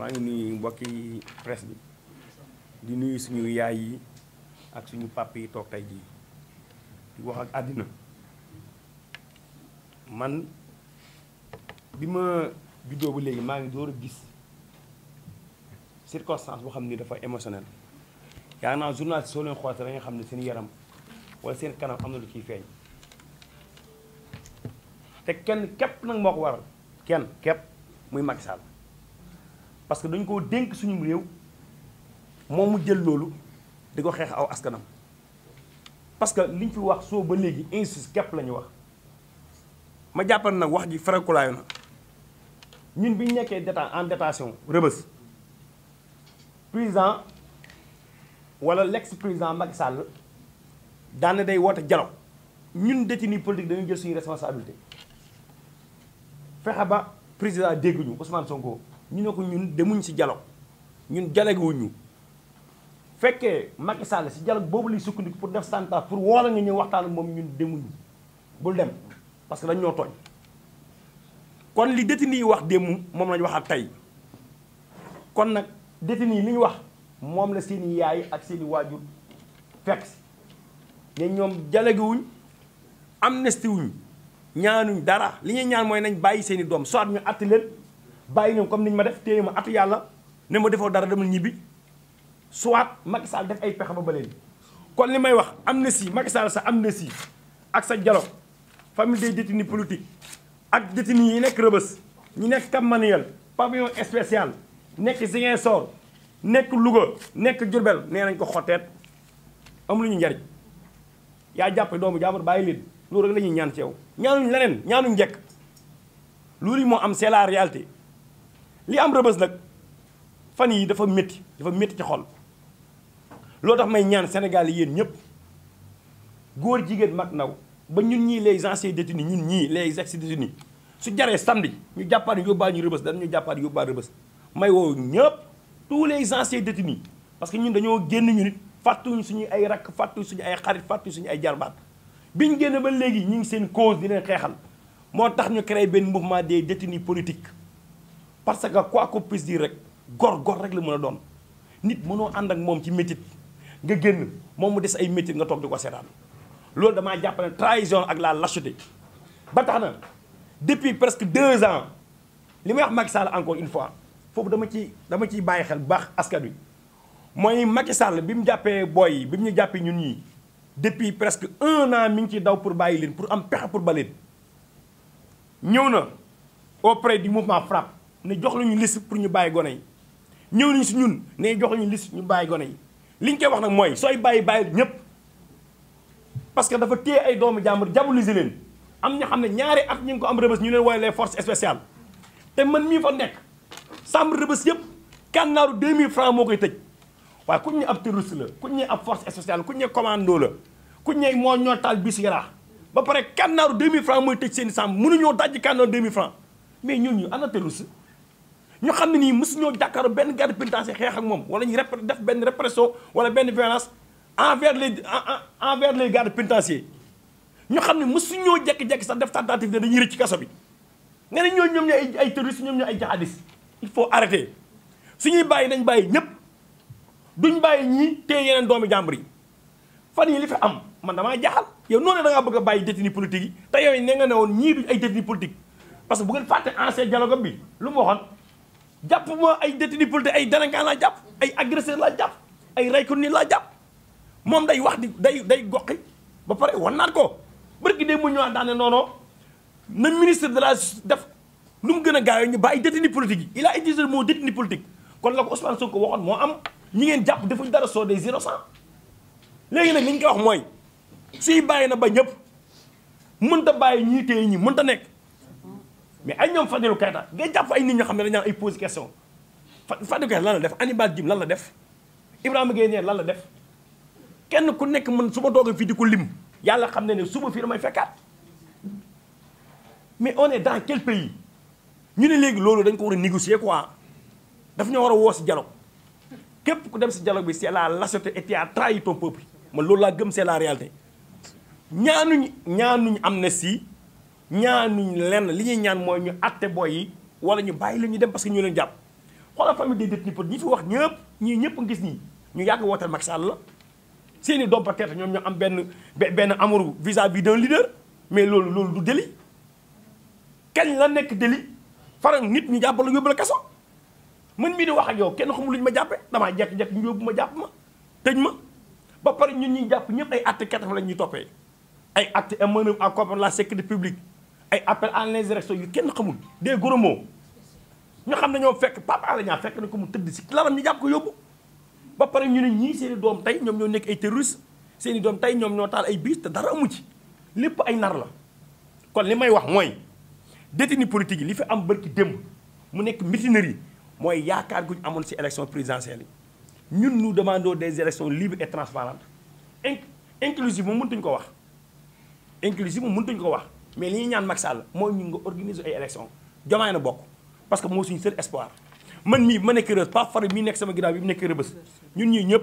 maa ngi nuyu mbokki presse bi di nuyu suñu yaay yi ak suñu pàpp yi toog tey jii di wax ak àddina man bi ma juddoo ba léegi maa ngi door a gis circonstance boo xam ni dafa émotionnel yaa naa journaliste soo leen xool da xam ne seen yaram wala seen kanam am na lu ciy feeñ te kenn képp nag moo ko waral kenn képp muy Macky Sall parce que dañ koo dénk suñu réew moom mu jël loolu di ko xeex aw askanam parce que liñ fi wax soo ba léegi injustice képp la wax ma jàppal nag wax ji farankulaayu na ñun bi ñu nekkee déta en détention rëbës président wala l'ex président mag sàll daana day woote dialogue ñun détenus politique dañuy jël suñu responsabilité fexe ba président dégguñu Ousmane Sonko. ñu ne ko ñun demuñ si dialogue ñun dialogue wuñu fekkee Macky Sall si dialogue boobu lay sukkandiku pour def santa pour woola ñu ñëw waxtaan ak moom ñun demuñ bul dem parce que dañ ñoo tooñ kon li détenu yi wax démb moom lañu waxaat tey kon nag détenu yi li wax moom la seeni yaay ak seeni waajur fekk si ne ñoom dialogue wuñ amnistie wuñ ñaanuñ dara li ñuy ñaan mooy nañ bàyyi seeni doom soit ñu àtt leen bàyyi ñoom comme niñ ma def téye ma atu yàlla ne ma defoo dara demal ñibbi soit Macky Sall def ay pexe ba bële kon li may wax amnistie Macky Sall sa amnistie ak sa dialogue famille des détenus politiques ak yi nekk Rebeuss ñu nekk Cap Manuel pavillon spécial nekk Ziguinchor nekk Louga nekk Diourbel nee nañ ko xotteet am lu ñu njariñ yaa jàppe doomu jaamur bàyyi leen loolu rek la ñuy ñaan ci yow ñaanuñ leneen ñaanuñ njekk loolu moo am c'est la réalité li am rëbës nag fan yi dafa métti dafa métti ci xol loo tax may ñaan Sénégal yéen ñëpp góor jigéen mag ndaw ba ñun ñii les anciens détenus ñun ñii les ex détenus su jaree samedi ñu jàppaat yóbbaa ñu rëbës danañu jàppaat yóbbaa rëbës may woo ñëpp tous les anciens détenus parce que ñun dañoo génn ñu nit fàttuñ suñu ay rakk fàttuñ suñu ay xarit fàttuñ suñu ay jarbaat biñ génn ba léegi ñu ngi seen cause di leen xeexal moo tax ñu créé benn mouvement des détenus politiques parce que quoi qu'on puisse dire rek gor gor rek la mën a doon nit mënoo ànd ak moom ci métit nga génn moom mu des ay métit nga toog di ko seetaan loolu damaa jàpp ne trahison ak la lâcheté ba tax na depuis presque deux ans li may wax Macky Sall encore une fois foofu dama ci dama ciy bàyyi xel baax askan wi mooy Macky Sall bi mu jàppee booy yi bi mu ñu jàppee ñun ñii depuis presque un an mi ngi ciy daw pour bàyyi leen pour am pexe pour ba leen ñëw na auprès du mouvement ne jox lañu liste pour ñu bàyyi gone yi ñëw nañ si ñun ne jox lañu liste ñu bàyyi gone yi liñ koy wax nag mooy sooy bàyyi bàyyi ñëpp parce que dafa téye ay doomu jàmbur diaboliser leen am ñoo xam ne ñaari at ñu ngi ko am rëbës ñu leen wooye les forces spéciales te man mii fa nekk sàmm rëbës yëpp kànnaaru 2000 francs moo koy tëj waaye kuñ ne ab terroriste la kuñ ne ab force spéciale kuñ ne commando la kuñ ne moo ñoo taal bis yaraax ba pare kànnaaru 2000 francs mooy tëj seen i sàmm mënuñoo dajji kànnaaru 2000 francs mais ñun ñu ana terroriste ñu xam ne nii mosu ñoo jàkkaaru benn garde pénitentiaire xeex ak moom wala ñu rep def benn répression wala benn violence envers les envers les gardes ñu xam ne su ñoo jekki-jekki sax def tentative ne dañuy rëcc ci kaso bi nga ne ñooñu ñoom ñooy ñoom ñooy ay jihadistes il faut arrêter suñuy bàyyi nañ bàyyi ñëpp duñ bàyyi ñii te yeneen doomi jàmbur yi fan yi li fi am man damaa jaaxal yow noonu da ngaa bëgg bàyyi détenu politique yi te yow ne nga ne woon ñii duñ ay détenu politique parce que bu ngeen fàtte ancien dialogue bi lu mu waxoon jàpp ma ay détenu politique ay délinquant laa jàpp ay agresseur laa jàpp ay rayko nii laa jàpp moom day wax di day day goqi ba pare wan naat ko bërki dee mu ñëwaat daane noono na ministre de la def lu mu gën a gaaw ba ay détenu politique yi il a moo le mot détenu politique kon la ko Ousmane Sonko waxoon moo am ñu ngeen jàpp defuñ dara soo des zéro cent léegi nag li koy wax mooy si bàyyi na ba ñëpp mënta bàyyi ñii téye ñi mënta nekk mais ay ñoom Fadilou Keita ngay jàpp ay nit ñoo xam ne dañu ay pose question Fadilou Keita lan la def Hannibal Djim lan la def Ibrahima nee lan la def kenn ku nekk man su ma doog fii di ko lim yàlla xam ne ne suba fii damay fekkaat mais on est dans quel pays ñu ne léegi loolu dañ ko war a négocier quoi daf ñoo war a woo si dialogue képp ku def si dialogue bi c'est la lâcheté et tu as trahi ton ma loolu laa gëm c'est la réalité ñaanuñ ñaanuñ amnistie ñaanuñ lenn li ñuy ñaan mooy ñu atte booy yi wala ñu bàyyi la ñu dem parce que ñu leen jàpp xoolal famille des détenus pour ñi fi wax ñëpp ñii ñëpp ngis nii ñu yàgg wotee Macky Sall la seeni doom peut-être ñoom ñoo am benn benn amour vis-à-vis d'un leader mais loolu loolu du délit kañ la nekk délit faral nit ñu jàpp la yóbbu la kaso man mii di wax ak yow kenn xamul lu ma jàppee damaa jekk-jekk ñu yóbbu ma jàpp ma tëj ma ba pare ñun ñuy jàpp ñëpp ay actes quatre-vingt la toppee ay actes et manœuvre en contre la publique ay appel en insurrection yu kenn xamul des gros ñu xam ne ñoo fekk Pape Alé Niang fekk na ko mu tëdd si lalam ñu jàpp ko yóbbu ba pare ñu ne ñii doom tey ñoom ñoo nekk ay terroriste seeni i doom tey ñoom ñoo taal ay biis te dara amu ci lépp ay nar la kon li may wax mooy détenu politique yi li fi am bërki démb mu nekk mutinerie mooy yaakaar gu ñu amoon si élection présidentielle ñun nous demandons des élections libres et transparentes in inclusive mu mëntuñ ko wax inclusive mu mëntuñ ko wax mais li ñuy ñaan Macky Sall mooy ñu nga organiser ay élection jomaay bokk parce que moo suñu seul espoir man mii ma nekk Rebeus Pape Fara mii nekk sama ginnaaw bi mu nekk Rebeus ñun ñii ñëpp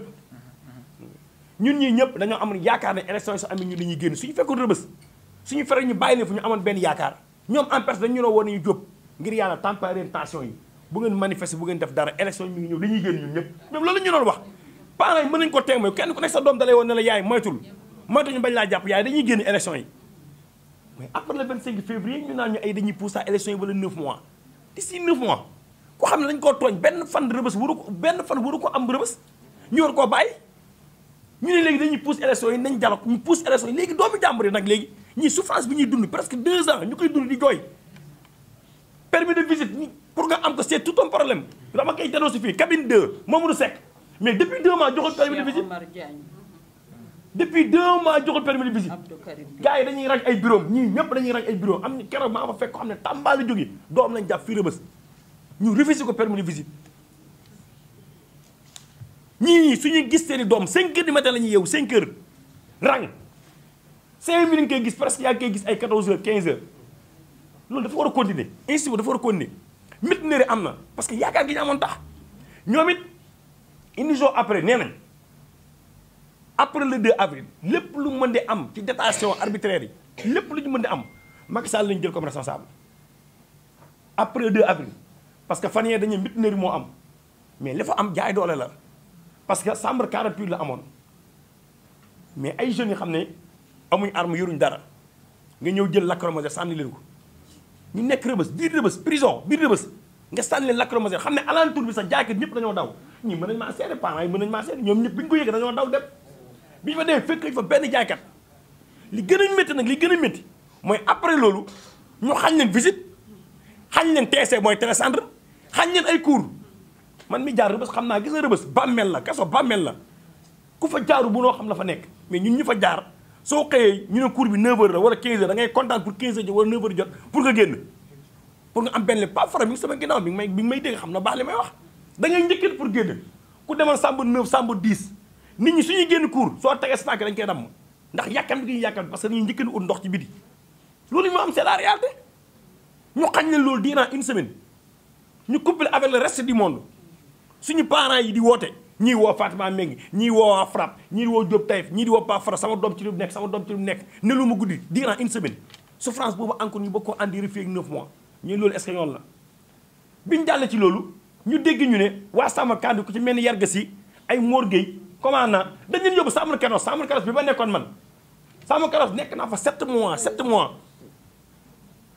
ñun ñii ñëpp dañoo amoon yaakaar ne élection yi su amee ñu dañuy génn suñu fekkoon Rebeus suñu fere ñu bàyyi leen fu ñu amoon benn yaakaar ñoom en personne dañu noo woon nañu jóg ngir yàlla tempérer tension yi bu ngeen manifester bu ngeen def dara élection yi ñu ngi ñëw dañuy génn ñun ñëpp ku nekk sa doom dalay woon ne la yaay moytul moytuñu bañ laa jàpp yaay dañuy génn mais après le 25 février ñu naan ñu ay dañuy pousse à élection yi wala 9 mois d'ici 9 mois ko xam ne dañ koo tooñ benn fan rëbës waru ko benn fan waru ko am rëbës ñu war koo bàyyi ñu ne léegi dañuy pousse élection yi nañ dialogue ñu pousse élection yi léegi doomu jàmbur yi nag léegi ñii souffrance bi ñuy dund presque 2 ans ñu koy dund di jooy permis de visite pour nga am ko seet tout un problème dama koy delloo si fii cabine mais de visite. depuis deux mois joxul permis de visite gars yi dañuy raj ay bureau ñii ñëpp dañuy raj ay bureau am na keroog maa fa fekk ko xam ne Tamba la jógee doom lañ jàpp fii Rebeuss ñu refusé ko permis de visite ñii suñuy gis seeni doom cinq heures du matin la ñuy yeewu cinq heures rang cinq minutes koy gis presque yaa ngi koy gis ay quatorze heures quinze heures loolu dafa war a continuer institut dafa war a continuer mit neri am na parce que yaakaar gi ñu amoon tax ñoom it une jour après nee nañ après le 2 avril lépp lu mën di am ci détention arbitraire yi lépp lu ñu mën di am Macky Sall lañu jël comme responsable après le 2 avril parce que fan yee dañuy mutinerie moo am mais li am jaay doole la parce que chambre 48 la amoon mais ay jeunes yi xam ne amuñ arme yoruñ dara nga ñëw jël lacrymogène sànni leen ko ñu nekk rëbës biir rëbës prison biir rëbës nga sànni leen lacrymogène xam ne alentour bi sax jaaykat ñëpp dañoo daw ñii mën nañ ñu ko bi ñu fa demee fekk fa benn jaaykat li gën a métti nag li gën a métti mooy après loolu ñu xañ leen visite xañ leen TC mooy télécentre xañ leen ay cour man mi jaar rëbës xam naa gis nga rëbës bàmmeel la kaso bàmmeel la ku fa jaaru bu noo xam ne fa nekk mais ñun ñu fa jaar soo xëyee ñu ne cours bi 9h la wala 15h da ngay kontaan pour 15h jot wala 9h jot pour nga génn pour nga am benn pas faram mi sama ginnaaw bi ngi may mi may dégg xam na baax li may wax da ngay pour génn ku demoon sàmb 9 sàmb 10. nit ñi suñuy génn cour soo tegee sa tànk dañ koy damm ndax yàkkam bi ñu yàkkam parce que dañuy njëkk a ut ndox ci biti loolu moo am c'est la ñu xañ leen loolu durant une semaine ñu couplé avec le reste suñu parents yi di woote ñii woo Fatima Mengi ñii woo waa Frapp ñii woo Diop Taïf ñii di Pa Fara sama doom ci lu nekk sama doom ci nekk ne lu ma guddi durant une semaine boobu encore ñu bokk ko andi refie ak neuf mois ñu loolu est-ce que yoon la biñ jàll ci loolu ñu dégg ñu ne waa sàmm kàddu ku ci mel ni yarga si ay Mor Gueye commandant dañ leen yóbbu Sambal Keros Sambal Keros bi ba nekkoon man Sambal Keros nekk naa fa 7 mois 7 mois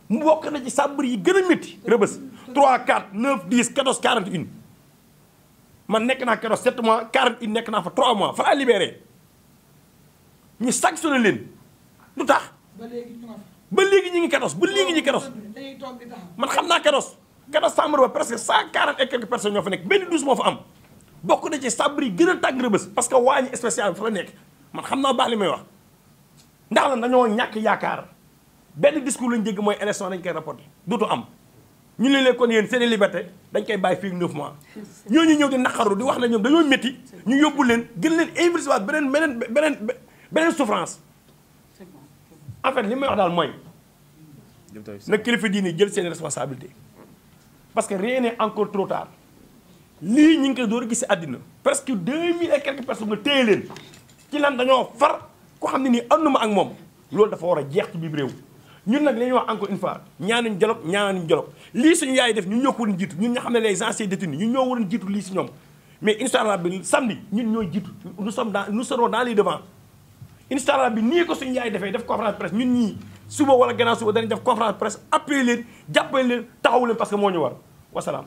mu bokk na ci sàmbur yi gën a métti rëbës 3 4 9 10 14 41 man nekk naa Keros 7 mois 41 nekk naa fa 3 mois fa laa libéré ñu sanctionné leen lu tax. ba léegi ñu ba léegi ñu ngi Keros ba léegi ñu Keros man xam naa Keros Keros sàmbur et quelques personnes ñoo fa nekk benn douze moo fa am. bokk na ci sabar yi gën a tàng rëbës parce que waañ spécial fa la nekk man xam naa baax li may wax ndax la dañoo ñàkk yaakaar benn discours lañ dégg mooy élection dañ koy rapporter dootu am ñu ne leen kon yéen seen liberté dañ koy bàyyi fii neuf mois ñu ñëw di naqaru di wax ne ñoom dañoo métti ñu yóbbu leen gën leen investir waat beneen beneen beneen beneen souffrance en fait li may wax daal mooy na kilifa diine jël seen responsabilité parce que rien n'est encore lii ñu ngi koy door a gis si àddina parce deux mille et quelques personnes nga téye leen ci lan dañoo far ko xam ne nii ànduma ak moom loolu dafa war a jeex ci biir réew ñun nag la ñuy wax encore une fois ñaanuñ dialogue ñaanuñ dialogue lii suñu yaay def ñu ñoo ko waroon jiitu ñun ñoo xam ne les anciens détenus ñu ñoo waroon jiitu lii si ñoom mais incha allah bi samedi ñun ñooy jiitu nous sommes dans nous serons dans les devants incha allah bi nii ko suñu yaay defee def conférence presse ñun ñii suba wala gannaaw suba danañ def conférence presse appuyer leen jàppale leen taxawu leen parce que moo ñu war wasalaam.